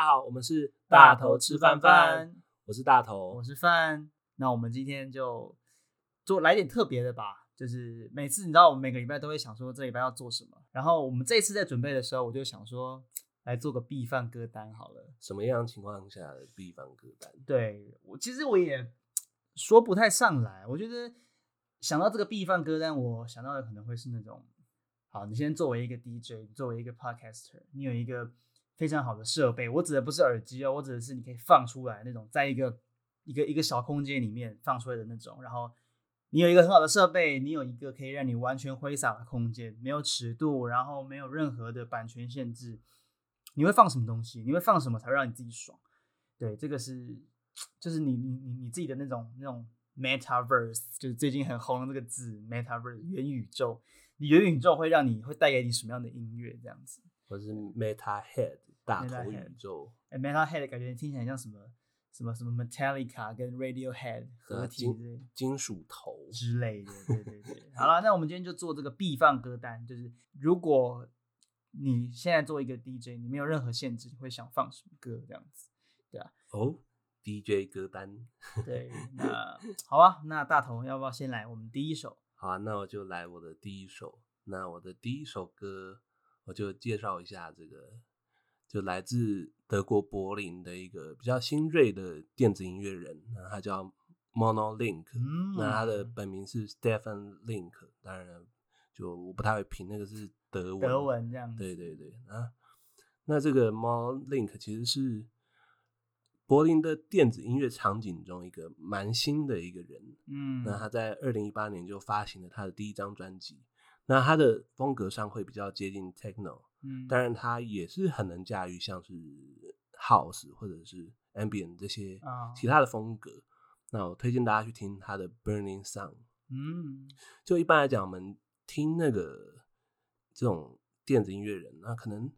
大家好，我們是大頭吃飯飯，我是大頭，我是飯。那我們今天就做來點特別的吧。就是每次你知道，我們每個禮拜都會想說這禮拜要做什麼。然後我們這一次在準備的時候，我就想說來做個必放歌單好了。什麼樣情況下的必放歌單？對，我其實我也說不太上來。我覺得想到這個必放歌單，我想到的可能會是那種，好，你先作為一個 DJ，你作為一個 Podcaster，你有一個。非常好的設備，我指的不是耳機哦、喔，我指的是你可以放出來那種，在一個一個一個小空間裡面放出來的那種。然後你有一個很好的設備，你有一個可以讓你完全揮灑的空間，沒有尺度，然後沒有任何的版權限制，你會放什麼東西？你會放什麼才會讓你自己爽？對，這個是就是你你你自己的那種那種 metaverse，就是最近很紅的這個字 metaverse 元宇宙。你元宇、宇宙會讓你會帶給你什麼樣的音樂？這樣子？或是 meta head？大頭宇宙。誒 Metalhead 感覺聽起來像什麼什麼什麼 Metallica 跟 Radiohead 合體金屬頭之類的，對對對。 好了，那我們今天就做這個必放歌單，就是如果你現在做一個 DJ，你沒有任何限制，你會想放什麼歌這樣子？對啊。哦，DJ 歌單。對，那好吧，啊，那大頭要不要先來我們第一首？好啊，那我就來我的第一首。那我的第一首歌，我就介紹一下這個。就來自德國柏林的一個比較新銳的電子音樂人，那他叫 Monolink，嗯，那他的本名是 Stephen Link，當然就我不太會拼那個是德文，德文這樣子，對對對啊。那這個 Monolink 其實是柏林的電子音樂場景中一個蠻新的一個人，嗯，那他在二零一八年就發行了他的第一張專輯，那他的風格上會比較接近 Techno。嗯，當然，他也是很能駕馭像是 house 或者是 ambient 這些其他的風格。Oh. 那我推薦大家去聽他的《Burning Sun》。嗯，就一般來講，我們聽那個這種電子音樂人，那可能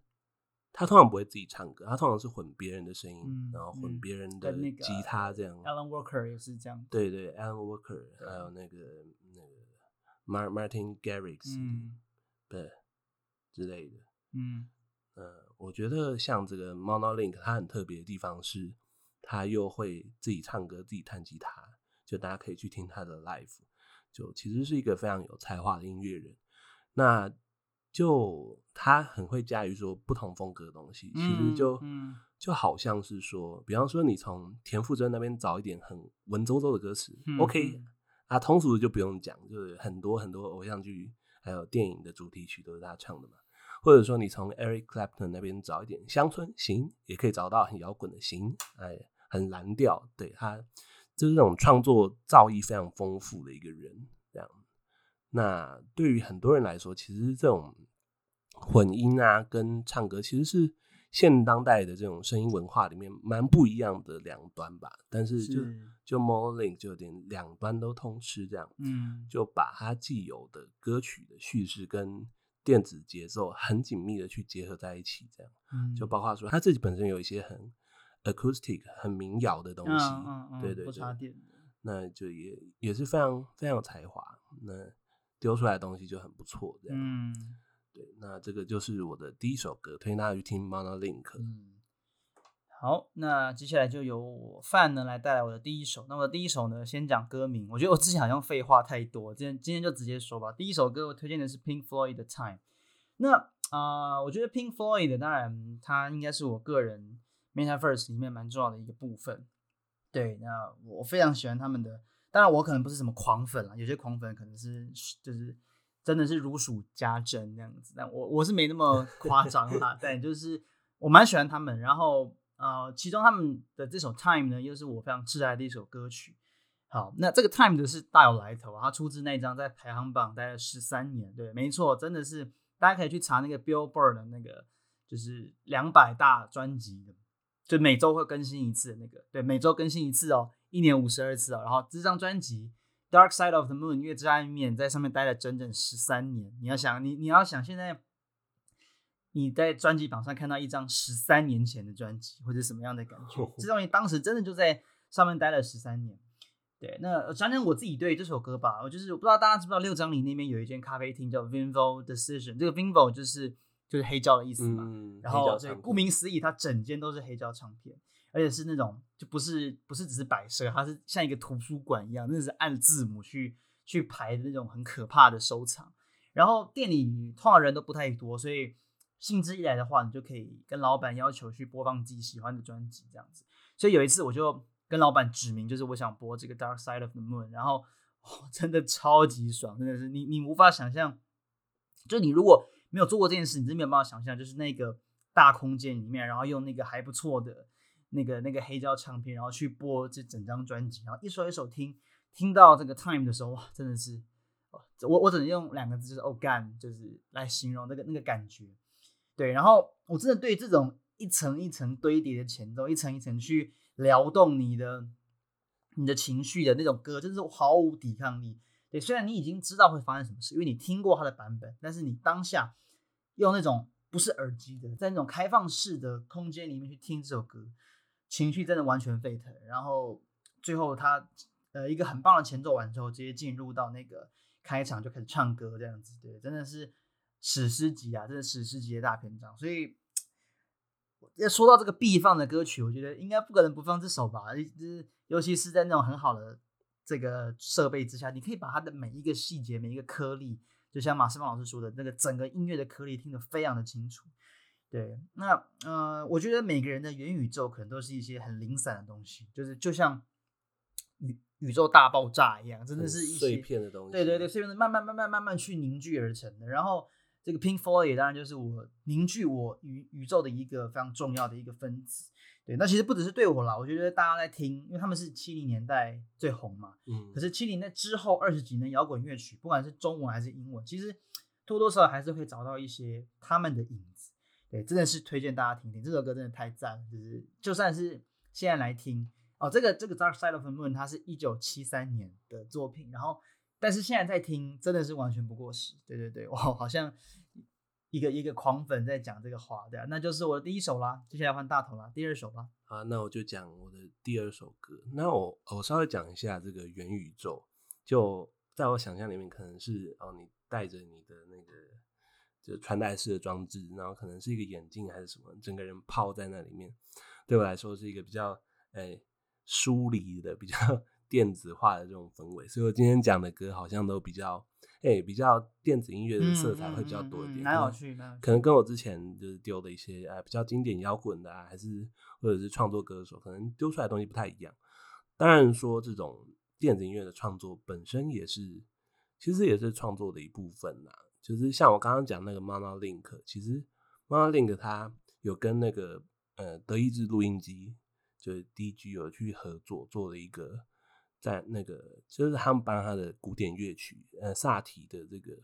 他通常不會自己唱歌，他通常是混別人的聲音，嗯，然後混別人的吉他這樣。Alan Walker 也是這樣。對對對，Alan Walker，嗯，還有那個那個 Martin Garrix 對之類的。嗯，呃，我覺得像這個 Monolink，他很特別的地方是，他又會自己唱歌、自己彈吉他，就大家可以去聽他的 live，就其實是一個非常有才華的音樂人。那就他很會駕馭說不同風格的東西，嗯、其實就、嗯、就好像是說，比方說你從田馥甄那邊找一點很文縐縐的歌詞、嗯、OK 啊，通俗的就不用講，就是很多很多偶像劇還有電影的主題曲都是他唱的嘛。或者說你從 Eric Clapton 那邊找一點鄉村型，也可以找到很搖滾的型，哎，很藍調，對，他就是這種創作造詣非常豐富的一個人這樣。那對於很多人來說，其實這種混音啊跟唱歌其實是現當代的這種聲音文化裡面蠻不一樣的兩端吧。但是就是就 Monolink 就有點兩端都通吃這樣。嗯，就把他既有的歌曲的敘事跟。電子節奏很緊密的去結合在一起，這樣，嗯，就包括說他自己本身有一些很 acoustic 很民謠的東西啊啊啊啊，對對對，那就也也是非常非常有才華，那丟出來的東西就很不錯，這樣，嗯，對，那這個就是我的第一首歌，推薦大家去聽 Monolink。嗯。好，那接下來就由我范呢來帶來我的第一首。那我的第一首呢，先講歌名。我覺得我之前好像廢話太多，今天今天就直接說吧。第一首歌我推薦的是 Pink Floyd 的《Time》那。那、呃、啊，我覺得 Pink Floyd 的，當然它應該是我個人 Metaverse 裡面蠻重要的一個部分。對，那我非常喜歡他們的。當然，我可能不是什麼狂粉啦，有些狂粉可能是就是、就是、真的是如數家珍那樣子。但我我是沒那麼誇張啦， 但就是我蠻喜歡他們，然後。呃，其中他們的這首《Time》呢，又是我非常摯愛的一首歌曲。好，那這個《Time》的是大有來頭啊，它出自那張在排行榜待了十三年。對，沒錯，真的是，大家可以去查那個 Billboard 的那個，就是兩百大專輯的，就每周會更新一次的那個。對，每周更新一次哦、喔，一年五十二次哦、喔。然後這張專輯《Dark Side of the Moon》月之暗面在上面待了整整十三年。你要想，你你要想現在。你在專輯榜上看到一張十三年前的專輯，或者什麼樣的感覺？呵呵，這東西當時真的就在上面待了十三年。對，那講講我自己對這首歌吧。我就是我不知道大家知不知道，六張里那邊有一間咖啡廳叫 Vinyl Decision。這個 Vinyl 就是就是黑膠的意思嘛、嗯。然後這顧名思義，它整間都是黑膠唱、嗯、唱片，而且是那種就不是不是只是擺設，它是像一個圖書館一樣，那是按字母去去排的那種很可怕的收藏。然後店裡通常人都不太多，所以。興致一來的話，你就可以跟老闆要求去播放自己喜歡的專輯，這樣子。所以有一次我就跟老闆指明，就是我想播這個《Dark Side of the Moon》，然後、哦、真的超級爽，真的是你你無法想象。就你如果沒有做過這件事，你真沒有辦法想象。就是那個大空間裡面，然後用那個還不錯的那個那個黑膠唱片，然後去播這整張專輯，然後一首一首聽，聽到這個《Time》的時候，哇，真的是、哦、我我只能用兩個字，就是 “Oh 幹”，、哦、就是來形容那個那個感覺。對，然後我真的對這種一層一層堆疊的前奏，一層一層去撩動你的，你的情緒的那種歌，真是毫無抵抗力。對，雖然你已經知道會發生什麼事，因為你聽過它的版本，但是你當下用那種不是耳機的，在那種開放式的空間裡面去聽這首歌，情緒真的完全沸騰。然後最後他呃一個很棒的前奏完之後，直接進入到那個開場就開始唱歌這樣子，對，真的是。史詩級啊，這是史詩級的大篇章。所以，要說到這個必放的歌曲，我覺得應該不可能不放這首吧。尤其是在那種很好的這個設備之下，你可以把它的每一個細節、每一個顆粒，就像馬世芳老師說的，那個整個音樂的顆粒聽得非常的清楚。對，那呃，我覺得每個人的元宇宙可能都是一些很零散的東西，就是就像宇宇宙大爆炸一樣，真的是一些碎片的東西。對對對，碎片的慢慢慢慢慢慢去凝聚而成的，然後。這個 Pink Floyd 當然就是我凝聚我元宇宙的一個非常重要的一個分子。對，那其實不只是對我啦，我覺得大家在聽，因為他們是七零年代最紅嘛。嗯。可是七零年代之後二十幾年搖滾樂曲，不管是中文還是英文，其實多多少少還是會找到一些他們的影子。對，真的是推薦大家聽聽這首歌，真的太讚了。就是就算是現在來聽哦，這個這個 Dark Side of the Moon，它是一九七三年的作品，然後。但是現在在聽，真的是完全不過時。對對對，我好像一個一個狂粉在講這個話，對啊，那就是我的第一首啦。接下來換大頭啦，第二首吧。啊，那我就講我的第二首歌。那我我稍微講一下這個元宇宙，就在我想象裡面，可能是哦，你戴著你的那個就穿戴式的裝置，然後可能是一個眼鏡還是什麼，整個人泡在那裡面，對我來說是一個比較誒、欸、疏離的比較。電子化的這種氛圍，所以我今天講的歌好像都比較，哎、欸，比較電子音樂的色彩會比較多一點，蠻有趣，可能跟我之前就是丟的一些哎比較經典搖滾的、啊，還是或者是創作歌手，可能丟出來的東西不太一樣。當然說這種電子音樂的創作本身也是，其實也是創作的一部分啦、啊，就是像我剛剛講那個 Monolink，其實 Monolink 他有跟那個呃德意志錄音機，就是 DG 有去合作做了一個。在那個，就是他們把他的古典樂曲，呃，薩提的這個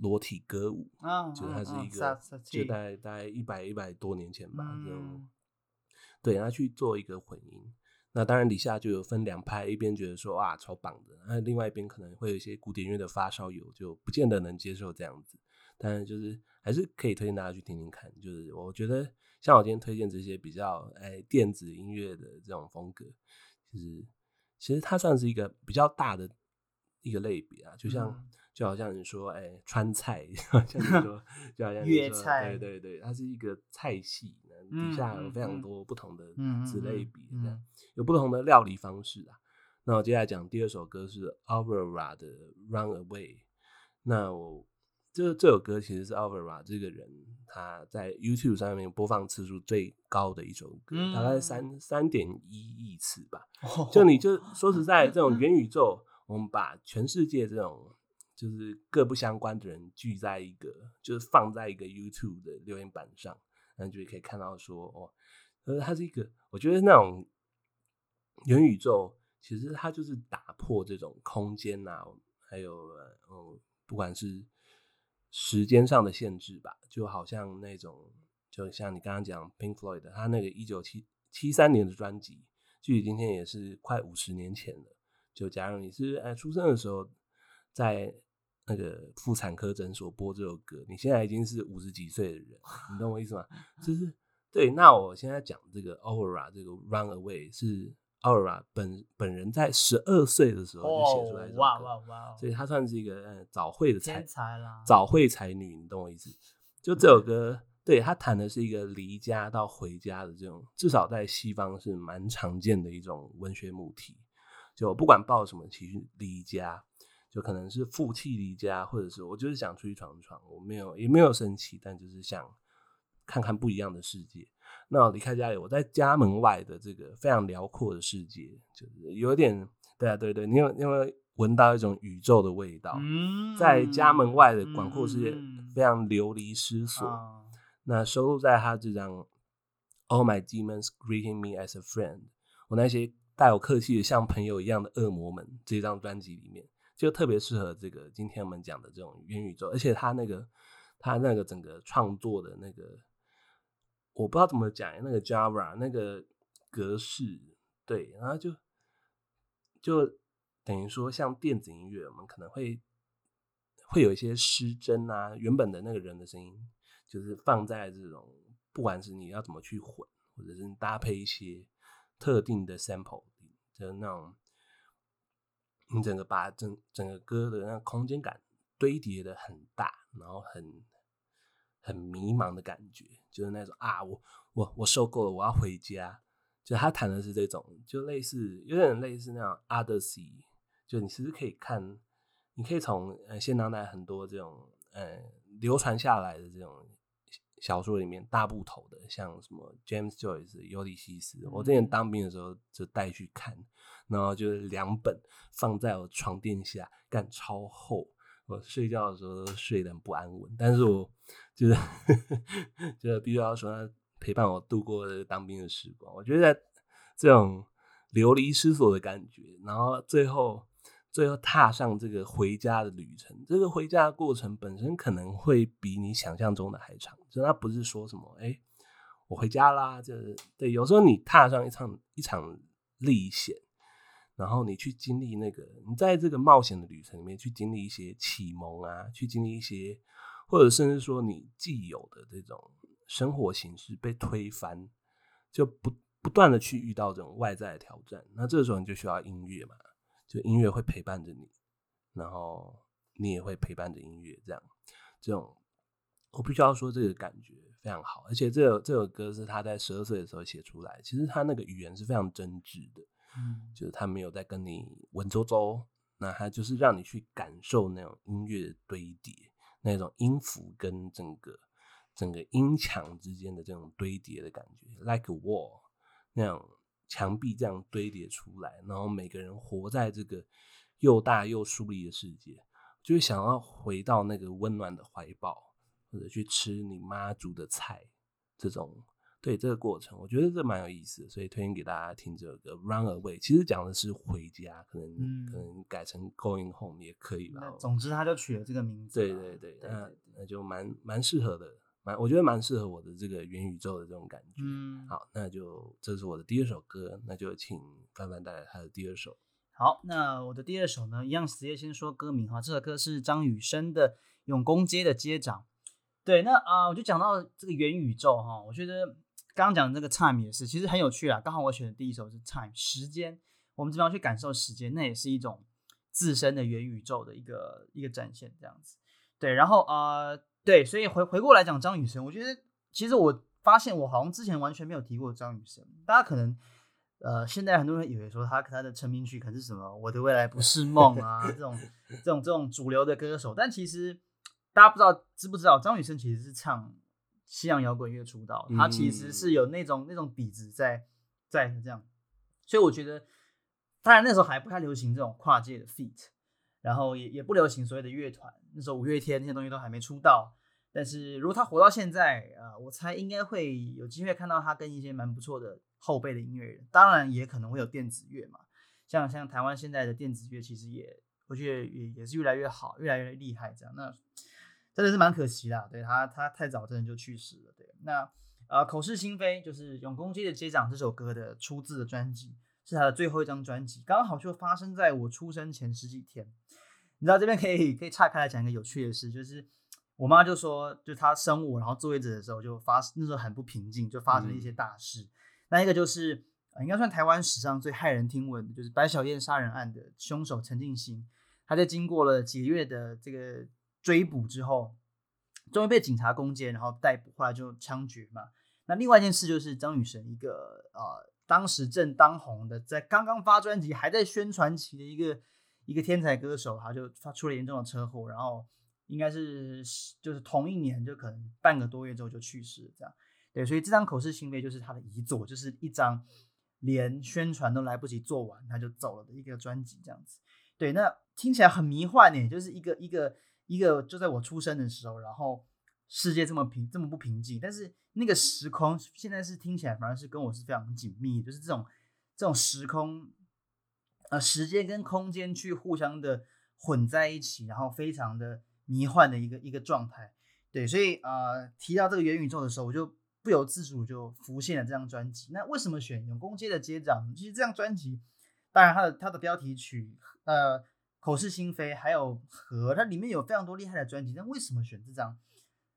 裸體歌舞，嗯、就是他是一個，嗯嗯、就大概一百一百多年前嘛、嗯，對，他去做一個混音。那當然底下就有分兩派，一邊覺得說哇超棒的，那另外一邊可能會有一些古典樂的發燒友就不見得能接受這樣子。但是就是還是可以推薦大家去聽聽看。就是我覺得像我今天推薦這些比較哎電子音樂的這種風格，就是。其實它算是一個比較大的一個類別啊，就像，嗯、就好像你說，哎，川菜，就好像你說， 就好像粵菜，對，對對，它是一個菜系，底下有非常多不同的子類別，嗯嗯，這樣，有不同的料理方式啊。那我接下來講第二首歌是 Aurora 的 Run Away，那我。這首歌其實是 Aurora 這個人他在 YouTube 上面播放次數最高的一首歌，大概三三點一億次吧。就你就說實在，這種元宇宙，我們把全世界這種就是各不相關的人聚在一個，就是放在一個 YouTube 的留言板上，那你就可以看到說哦，他是是一個，我覺得那種元宇宙，其實它就是打破這種空間吶，還有哦、嗯，不管是。時間上的限制吧，就好像那種，就像你剛剛講 Pink Floyd 他那個一九七三年的專輯，距離今天也是快五十年前了。就假如你是哎出生的時候在那個婦產科診所播這首歌，你現在已經是五十幾歲的人， 你懂我意思嗎？ 就是對。那我現在講這個 Auora 這個 Run Away 是。Aurora 本本人在十二歲的時候就寫出來一首歌，oh, wow, wow, wow. 所以她算是一個早慧的才才，早慧才女。你懂我意思？就這首歌，對，她談的是一個離家到回家的這種，至少在西方是蠻常見的一種文學母題。就不管抱什麼情緒離家，就可能是負氣離家，或者是我就是想出去闖闖，我沒有也沒有生氣，但就是想看看不一樣的世界。那我離開家裡，我在家門外的這個非常遼闊的世界，就是有點，對啊，對對、對，你有你有沒有聞到一種宇宙的味道。嗯，在家門外的廣闊世界，嗯、非常流離失所。嗯、那收錄在他這張《All My Demons Greeting Me as a Friend》，我那些待我客氣的像朋友一樣的惡魔們，這張專輯裡面就特別適合這個今天我們講的這種元宇宙，而且他那個他那個整個創作的那個。我不知道怎麼講那個 Java 那個格式，對，然後就就等於說像電子音樂，我們可能會會有一些失真啊，原本的那個人的聲音，就是放在這種，不管是你要怎麼去混，或者是搭配一些特定的 sample 的那種，你整個把整整個歌的那空間感堆疊的很大，然後很很迷茫的感覺。就是那種啊，我我我受夠了，我要回家。就他談的是這種，就類似有點類似那種《Odyssey》，就你其實可以看，你可以從呃現當代很多這種呃流傳下來的這種小說裡面大部頭的，像什麼《James Joyce》《尤利西斯》，我之前當兵的時候就帶去看，然後就是兩本放在我床墊下，幹，超厚。我睡覺的時候都睡得很不安穩，但是我就是呵呵就是必須要說它陪伴我度過這個當兵的時光。我覺得這種流離失所的感覺，然後最後最後踏上這個回家的旅程，這個回家的過程本身可能會比你想象中的還長。就他不是說什麼哎、欸，我回家啦、啊，就、這、是、個、對。有時候你踏上一場一場歷險。然後你去經歷那個，你在這個冒險的旅程裡面去經歷一些啟蒙啊，去經歷一些，或者甚至說你既有的這種生活形式被推翻，就不不斷的去遇到這種外在的挑戰。那這個時候你就需要音樂嘛，就音樂會陪伴着你，然後你也會陪伴着音樂。這樣，這種我必須要說，這個感覺非常好。而且這首這首歌是他在十二歲的時候寫出來，其實他那個語言是非常真摯的。嗯， 就是他沒有在跟你文縐縐，那他就是讓你去感受那種音樂的堆疊，那種音符跟整個整個音牆之間的這種堆疊的感覺，like a wall 那樣牆壁這樣堆疊出來，然後每個人活在這個又大又疏離的世界，就是想要回到那個溫暖的懷抱，或者去吃你媽煮的菜這種。對，這個過程，我覺得這蠻有意思，所以推薦給大家聽這個歌《Run Away》，其實講的是回家，可能、嗯、可能改成《Going Home》也可以吧，嗯。總之他就取了這個名字對對對。對對對，那那就蠻蠻適合的，蠻我覺得蠻適合我的這個元宇宙的這種感覺。嗯、好，那就這是我的第二首歌，那就請范范帶來他的第二首。好，那我的第二首呢，一樣直接先說歌名哈。這首歌是張雨生的《永公街的街長》。對，那啊、呃，我就講到這個元宇宙哈，我覺得。剛剛講的那個 time 也是，其實很有趣啦。剛好我選的第一首是 time 時間，我們怎麼樣去感受時間？那也是一種自身的元宇宙的一個一個展現，這樣子。對，然後啊、呃，對，所以回回過來講張雨生，我覺得其實我發現我好像之前完全沒有提過張雨生。大家可能呃，現在很多人以為說他他的成名曲可能是什麼《我的未來不是夢》啊， 這種這種這種主流的歌手。但其實大家不知道知不知道，張雨生其實是唱。西洋搖滾樂出道，他其實是有那種那種底子在，在這樣，所以我覺得，當然那時候還不太流行這種跨界的 feat，然後也也不流行所謂的樂團，那時候五月天那些東西都還沒出道。但是如果他活到現在啊、呃，我猜應該會有機會看到他跟一些蠻不錯的後輩的音樂人，當然也可能會有電子樂嘛，像像台灣現在的電子樂其實也，我覺得也也是越來越好，越來越厲害這樣。那。真的是蠻可惜啦，對他，他太早真的就去世了。對，那呃，口是心非就是永公街的街長這首歌的出自的專輯是他的最後一張專輯，剛好就發生在我出生前十幾天。你知道這邊可以可以岔開來講一個有趣的事，就是我媽就說，就她生我然後坐月子的時候就發生，那時候很不平靜，就發生了一些大事。嗯、那一個就是、呃、應該算台灣史上最駭人聽聞的，就是白曉燕殺人案的兇手陳進興，他在經過了幾個月的這個。追捕之後，終於被警察攻堅，然後逮捕，後來就槍決嘛。那另外一件事就是張雨生，一個啊、呃，當時正當紅的，在剛剛發專輯還在宣傳期的一個一個天才歌手，他就發出了嚴重的車禍，然後應該是就是同一年，就可能半個多月之後就去世這樣。對，所以這張《口是心非》就是他的遺作，就是一張連宣傳都來不及做完他就走了的一個專輯，這樣子。對，那聽起來很迷幻呢、欸，就是一個一個。一個就在我出生的時候，然後世界這麼平，這麼不平靜，但是那個時空現在是聽起來反而是跟我是非常緊密，就是這種這種時空，呃，時間跟空間去互相的混在一起，然後非常的迷幻的一個一個狀態。對，所以啊、呃，提到這個元宇宙的時候，我就不由自主就浮現了這張專輯。那為什麼選永公街的街長？其實這張專輯，當然它的它的標題曲，呃。口是心非，還有和它裡面有非常多厲害的專輯，但為什麼選這張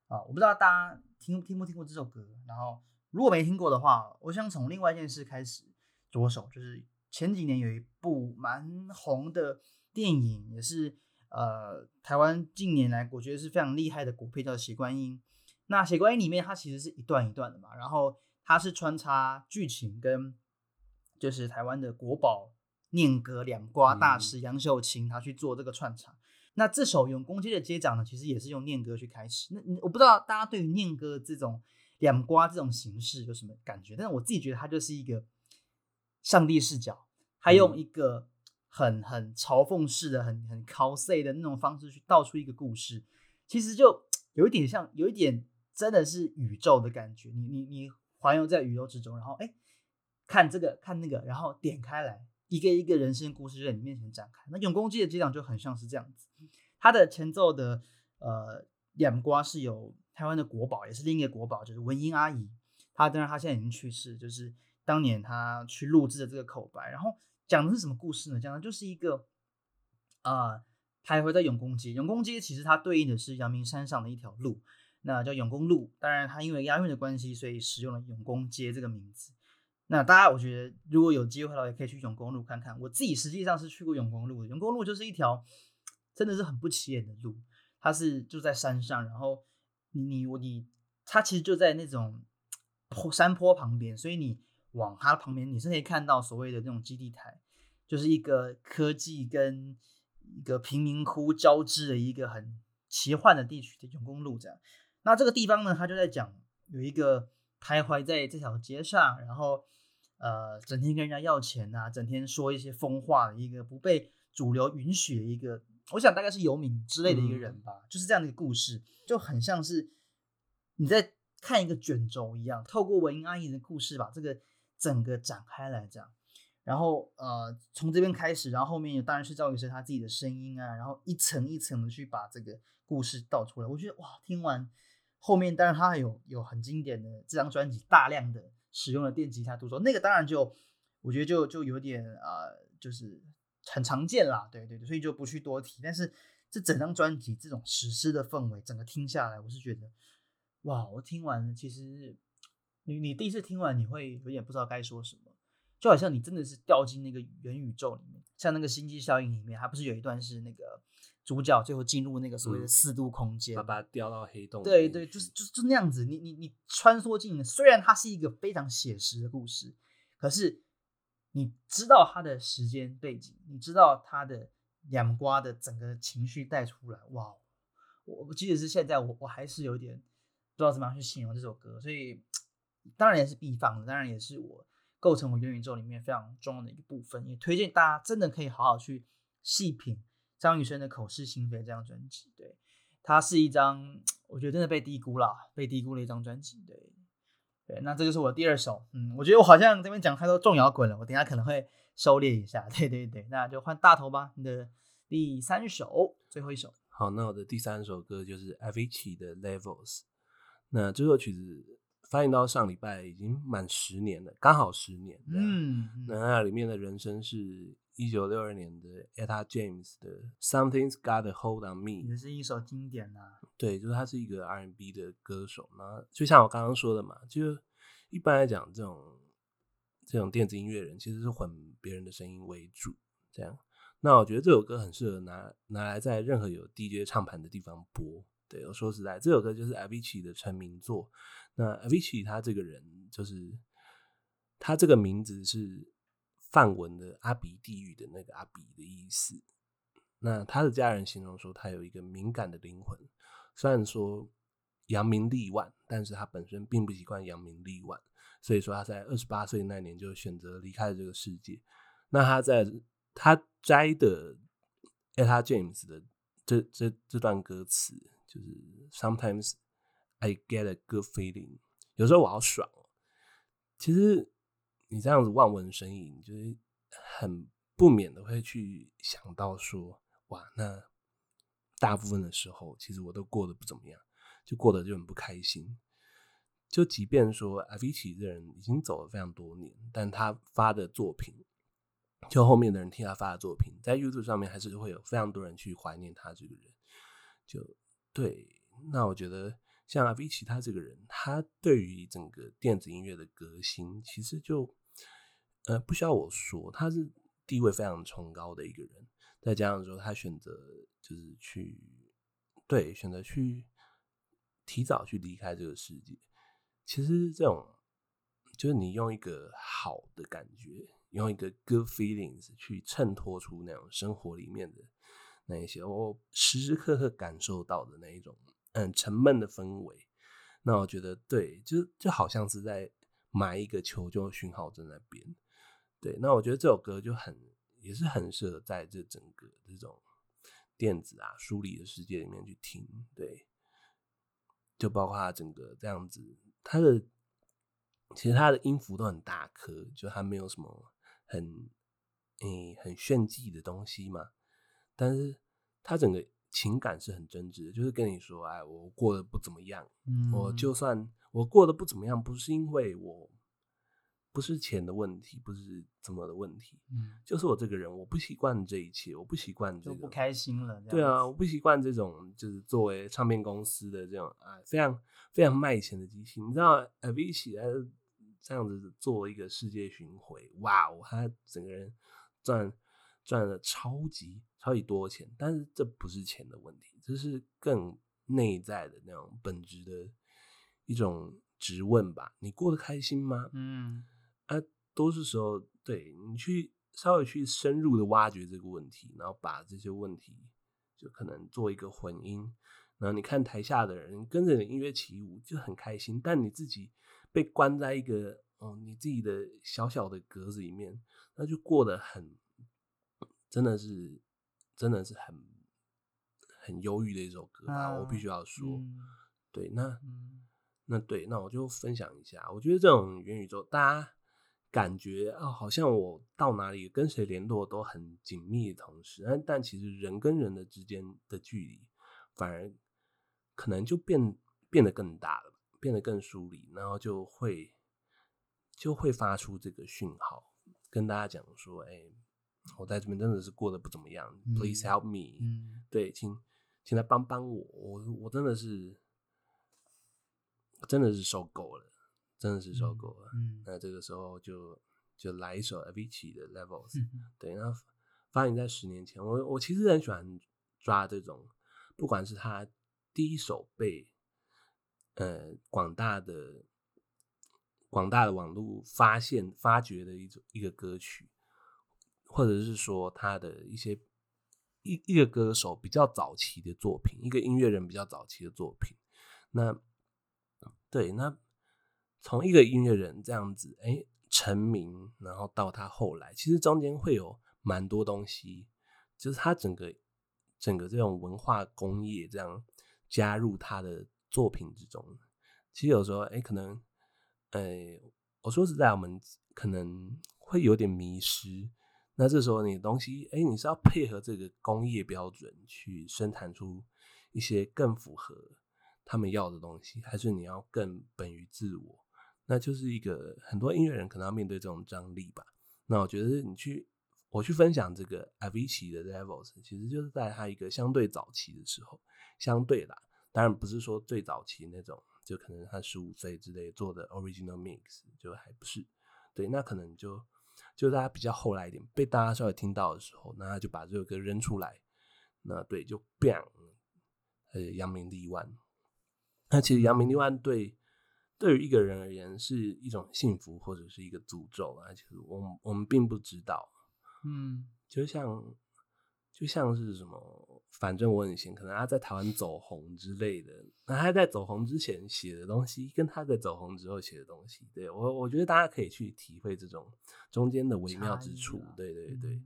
啊？我不知道大家聽聽不聽過這首歌。然後如果沒聽過的話，我想從另外一件事開始着手，就是前幾年有一部蠻紅的電影，也是呃台灣近年來我覺得是非常厲害的國片叫《血觀音》。那《血觀音》裡面它其實是一段一段的嘛，然後它是穿插劇情跟就是台灣的國寶。念歌兩瓜大師楊秀卿，他去做這個串場。嗯、那這首《永公街的街長》呢，其實也是用念歌去開始。那我不知道大家對於念歌這種兩瓜這種形式有什麼感覺，但是我自己覺得他就是一個上帝視角，他用一個很很嘲諷式的、很很靠塞的那種方式去道出一個故事。其實就有一點像，有一點真的是宇宙的感覺。你你你環遊在宇宙之中，然後哎、欸，看這個看那個，然後點開來。一個一個人生故事就在你面前展開。那永公街的街長就很像是這樣子，它的前奏的呃兩瓜是由台灣的國寶，也是另一個國寶，就是文英阿姨。她當然她現在已經去世，就是當年她去錄制的這個口白。然後講的是什麼故事呢？講的就是一個啊徘徊在永公街。永公街其實它對應的是陽明山上的一條路，那叫永公路。當然他因為押韻的關係，所以使用了永公街這個名字。那大家，我覺得如果有機會的話，也可以去永公路看看。我自己實際上是去過永公路的。永公路就是一條真的是很不起眼的路，它是就在山上，然後你你我你，它其實就在那種坡山坡旁邊，所以你往它旁邊，你是可以看到所謂的那種基地台，就是一個科技跟一個貧民窟交織的一個很奇幻的地區的永公路這樣。那這個地方呢，他就在講有一個徘徊在這條街上，然後。呃，整天跟人家要錢吶、啊，整天說一些瘋話的一個不被主流允許的一個，我想大概是遊民之類的一個人吧，嗯、就是這樣的一個故事，就很像是你在看一個卷軸一樣，透過文英阿姨的故事把這個整個展開來講，然後呃從這邊開始，然後後面有當然是張雨生他自己的聲音啊，然後一層一層的去把這個故事倒出來，我覺得哇，聽完後面，當然他還有有很經典的這張專輯大量的。使用了電吉他獨奏，那個當然就，我覺得就就有點啊、呃，就是很常見啦，對對對，所以就不去多提。但是這整張專輯這種史詩的氛圍，整個聽下來，我是覺得，哇，我聽完了其實，你你第一次聽完你會有點不知道該說什麼，就好像你真的是掉進那個元宇宙裡面，像那個《星際效應》裡面，還不是有一段是那個。主角最後進入那個所謂的四度空間，嗯、他把他掉到黑洞。對對，就是就是那樣子。你你你穿梭進，雖然它是一個非常寫實的故事，可是你知道他的時間背景，你知道他的兩瓜的整個情緒帶出來。哇，我即使是現在我我還是有點不知道怎麼樣去形容這首歌，所以當然也是必放的，當然也是我構成我元宇宙裡面非常重要的一部分。也推薦大家真的可以好好去細品。張雨生的《口是心非》這張專輯，對，它是一張我覺得真的被低估了，被低估了一張專輯。對，對，那這就是我第二首。嗯，我覺得我好像這邊講太多重搖滾了，我等下可能會收斂一下。對，對，對，那就換大頭吧。你的第三首，最後一首。好，那我的第三首歌就是 Avicii 的 Levels。那這首曲子發行到上禮拜已經滿十年了，剛好十年了。嗯，那裡面的人聲是。一九六二年的 Etta James 的 Something's Got a Hold on Me，也是一首經典的、啊。對，就是他是一個 R&B 的歌手。那就像我剛剛說的嘛，就一般來講，這種這種電子音樂人其實是混別人的聲音為主。這樣，那我覺得這首歌很適合拿拿來在任何有 DJ 唱盤的地方播。對，我說實在，這首歌就是 Avicii 的成名作。那 Avicii 他這個人，就是他這個名字是。梵文的阿鼻地獄的那個阿鼻的意思。那他的家人形容說，他有一個敏感的靈魂。雖然說揚名立萬，但是他本身並不習慣揚名立萬，所以說他在二十八歲那年就選擇離開了這個世界。那他在他摘的 Etta James 的這這這，這段歌詞，就是 Sometimes I get a good feeling，有時候我好爽哦。其實。你這樣子望文生義，你就是很不免的會去想到說，哇，那大部分的時候，其實我都過得不怎麼樣，就過得就很不開心。就即便說阿維奇這個人已經走了非常多年，但他發的作品，就後面的人聽他發的作品，在 YouTube 上面還是會有非常多人去懷念他這個人。就對，那我覺得像阿維奇他這個人，他對於整個電子音樂的革新，其實就。呃，不需要我說，他是地位非常崇高的一個人，再加上說他選擇就是去，對，選擇去提早去離開這個世界。其實這種就是你用一個好的感覺，用一個 good feelings 去襯托出那種生活裡面的那一些，我時時刻刻感受到的那一種嗯、呃、沉悶的氛圍。那我覺得，對，就就好像是在埋一個求救訊號在那邊。對，那我覺得這首歌就很也是很適合在這整個這種電子啊疏離的世界裡面去聽。對，就包括它整個這樣子，它的其實它的音符都很大顆，就它沒有什麼很嗯很炫技的東西嘛。但是它整個情感是很真摯的，就是跟你說，哎，我過得不怎麼樣，嗯、我就算我過得不怎麼樣，不是因為我。不是錢的問題，不是怎麼的問題，嗯，就是我這個人，我不習慣這一切，我不習慣就不開心了，對啊，我不習慣這種，就是作為唱片公司的這種啊，非常非常賣錢的機器。你知道，Avicii 這樣子做一個世界巡迴，哇，他整個人賺賺了超級超級多錢，但是這不是錢的問題，這是更內在的那種本質的一種質問吧？你過得開心嗎？嗯。都是時候對你去稍微去深入的挖掘這個問題，然後把這些問題就可能做一個混音，然後你看台下的人跟着你音樂起舞就很開心，但你自己被關在一個哦、嗯、你自己的小小的格子裡面，那就過得很真的是真的是很很憂鬱的一首歌啊，啊！我必須要說、嗯，對，那、嗯、那對，那我就分享一下，我覺得這種元宇宙大家，感覺啊，哦，好像我到哪裡跟誰聯絡都很緊密的同時，但但其實人跟人的之間的距離反而可能就變變得更大了，變得更疏離，然後就會就會發出這個訊號，跟大家講說：“哎，我在這邊真的是過得不怎麼樣，嗯，Please help me，嗯，對，請請來幫幫我，我我真的是真的是受夠了。”真的是受夠了，嗯嗯，那這個時候就就來一首 Avicii 的 Levels，對，那發行在十年前。我我其實很喜歡抓這種，不管是他第一首被呃廣大的廣大的網絡發現發掘的一種一個歌曲，或者是說他的一些一一個歌手比較早期的作品，一個音樂人比較早期的作品。那，嗯，對那。同一個音樂人這樣子，哎、欸，成名，然後到他後來，其實中間會有蠻多東西，就是他整個整個這種文化工業這樣加入他的作品之中。其實有時候，哎、欸，可能，哎、欸，我說實在，我們可能會有點迷失。那這時候，你的東西，哎、欸，你是要配合這個工業標準去生產出一些更符合他們要的東西，還是你要更本於自我？那就是一個很多音樂人可能要面對這種張力吧。那我覺得你去我去分享這個 Avicii 的 Levels，其實就是在他一個相對早期的時候，相對啦，當然不是說最早期那種，就可能他十五歲之類做的 Original Mix 就還不是。對，那可能就就大家比較後來一點，被大家稍微聽到的時候，那他就把這首歌扔出來，那對就 bang，呃，揚名立萬。那其實揚名立萬對。對於一個人而言，是一種幸福，或者是一個詛咒啊，其實我們我們並不知道。嗯，就像就像是什麼，反正我很閒，可能他在台灣走紅之類的。那他在走紅之前寫的東西，跟他在走紅之後寫的東西，對，我我覺得大家可以去體會這種中間的微妙之處。啊，對對對，嗯，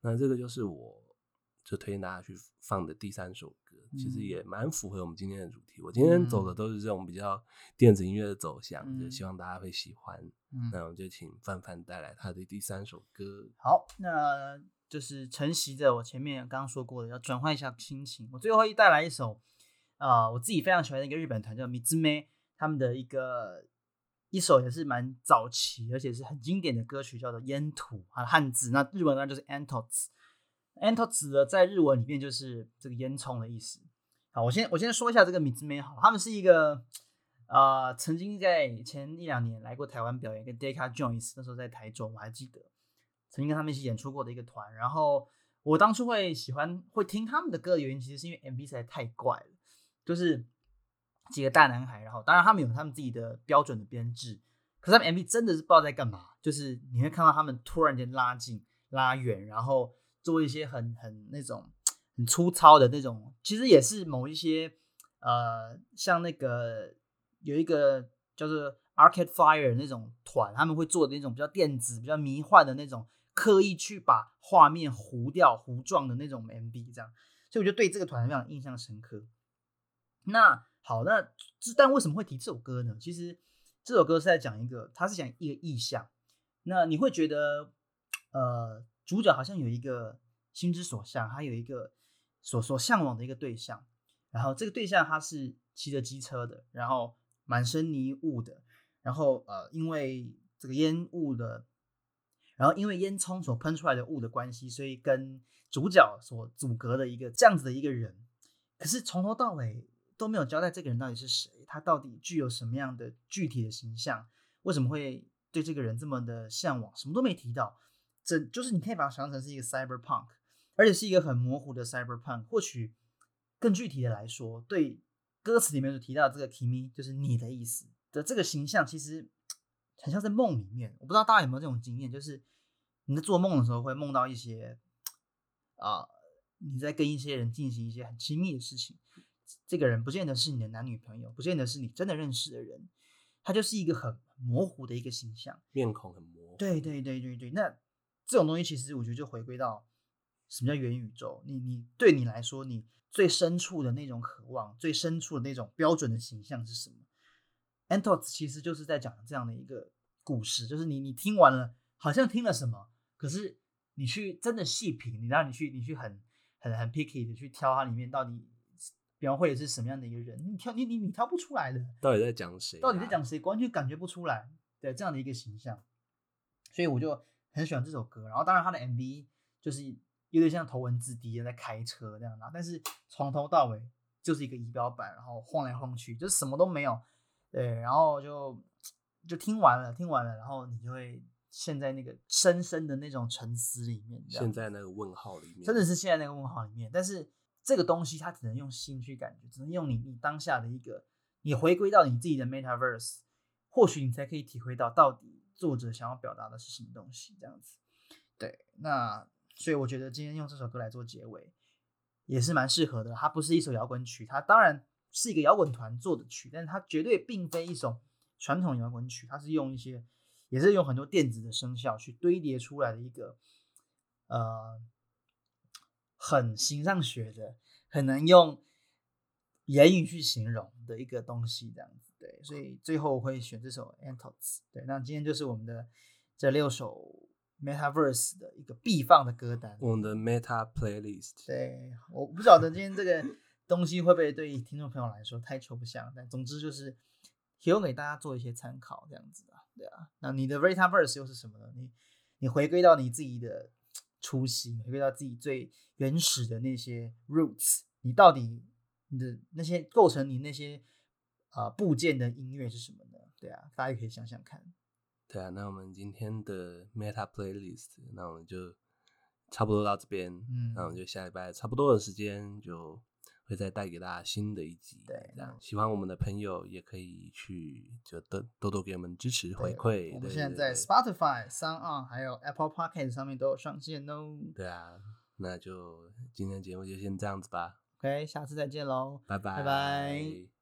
那這個就是我，就推薦大家去放的第三首。其、就、實、是、也蠻符合我們今天的主題、嗯。我今天走的都是這種比較電子音樂的走向，嗯，就希望大家會喜歡。嗯，那我們就請范范帶來他的第三首歌。好，那就是承襲着我前面剛剛說過的，要轉換一下心情。我最後一帶來一首，啊，呃，我自己非常喜歡的一個日本團叫 Mitsume，他們的一個一首也是蠻早期而且是很經典的歌曲，叫做煙突啊漢字。那日文呢就是 entotsu Anto 指的在日文裡面就是這個煙囪的意思。好，我先我先說一下這個 Mitsume 好，他們是一個呃曾經在前一兩年來過台灣表演，跟 Deca Joins 那時候在台中我還記得曾經跟他們一起演出過的一個團。然後我當初會喜歡會聽他們的歌的原因，其實是因為 MV 實在太怪了，就是幾個大男孩，然後當然他們有他們自己的標準的編制，可是他們 MV 真的是不知道在幹嘛，就是你會看到他們突然間拉近拉遠，然後。做一些很很那種很粗糙的那種，其實也是某一些呃，像那個有一個叫做 Arcade Fire 那種團，他們會做的那種比較電子、比較迷幻的那種，刻意去把畫面糊掉、糊狀的那種 MV，這樣。所以我覺得對這個團非常印象深刻。那好，那但為什麼會提這首歌呢？其實這首歌是在講一個，它是講一個意象。那你會覺得呃。主角好像有一個心之所向，他有一個所所嚮往的一個對象，然後這個對象他是騎着機車的，然後滿身泥霧的，然後呃，因為這個煙霧的，然後因為煙囪所噴出來的霧的關係，所以跟主角所阻隔的一個這樣子的一個人，可是從頭到尾都沒有交代這個人到底是誰，他到底具有什麼樣的具體的形象，為什麼會對這個人這麼的嚮往，什麼都沒提到。就是你可以把它想成是一個 cyberpunk，而且是一個很模糊的 cyberpunk。或許更具體的來說，對歌詞裡面所提到的這個 Kimi，就是你的意思的這個形象，其實很像在夢裡面。我不知道大家有沒有這種經驗，就是你在做夢的時候會夢到一些啊，你在跟一些人進行一些很親密的事情。這個人不見得是你的男女朋友，不見得是你真的認識的人，他就是一個很模糊的一個形象，面孔很模糊。對對對對對，對，那。這種東西其實我覺得就回歸到什麼叫元宇宙？你你對你來說，你最深處的那種渴望、最深處的那種標準的形象是什麼？Antos 其實就是在講這樣的一個故事，就是你你聽完了好像聽了什麼，可是你去真的細品，你讓你去你去很很很 picky 的去挑它裡面到底描繪的是什麼樣的一個人？你挑你你你挑不出來的。到底在講誰啊？到底在講誰？完全感覺不出來的。對這樣的一個形象，所以我就。很喜歡這首歌，然後當然他的 MV 就是有點像頭文字 D 在開車這樣的，然後但是從頭到尾就是一個儀表板，然後晃來晃去，就是什麼都沒有，對，然後就就聽完了，聽完了，然後你就會陷在那個深深的那種沉思裡面，陷在那個問號裡面，真的是陷在那個問號裡面。但是這個東西它只能用心去感覺，只能用你你當下的一個，你回歸到你自己的 Metaverse，或許你才可以體會到到底。作者想要表達的是什麼東西？這樣子，對，那所以我覺得今天用這首歌來做結尾，也是蠻適合的。它不是一首搖滾曲，它當然是一個搖滾團做的曲，但是它絕對並非一首傳統搖滾曲，它是用一些，也是用很多電子的聲效去堆疊出來的一個，呃，很形上學的，很難用言語去形容的一個東西，這樣子。所以最後我會選這首 Entotsu，對，那今天就是我們的這六首 Metaverse 的一個必放的歌單。我們的 Meta Playlist。對，我不曉得今天這個東西會不會對聽眾朋友來說太抽象， 但總之就是提供給大家做一些參考，這樣子嘛，對啊。那你的 Metaverse 又是什麼呢？你你回歸到你自己的初心，回歸到自己最原始的那些 Roots，你到底你的那些構成你那些。啊、呃，部件的音樂是什麼呢？對啊，大家可以想想看。對啊，那我們今天的 Meta Playlist，那我們就差不多到這邊。嗯，那我們就下禮拜差不多的時間就會再帶給大家新的一集。對，這樣喜歡我們的朋友也可以去就多多多給我們支持回饋。我們現在在 Spotify、三二還有 Apple Podcast 上面都有上線哦。對啊，那就今天節目就先這樣子吧。OK，下次再見嘍，拜拜拜。Bye bye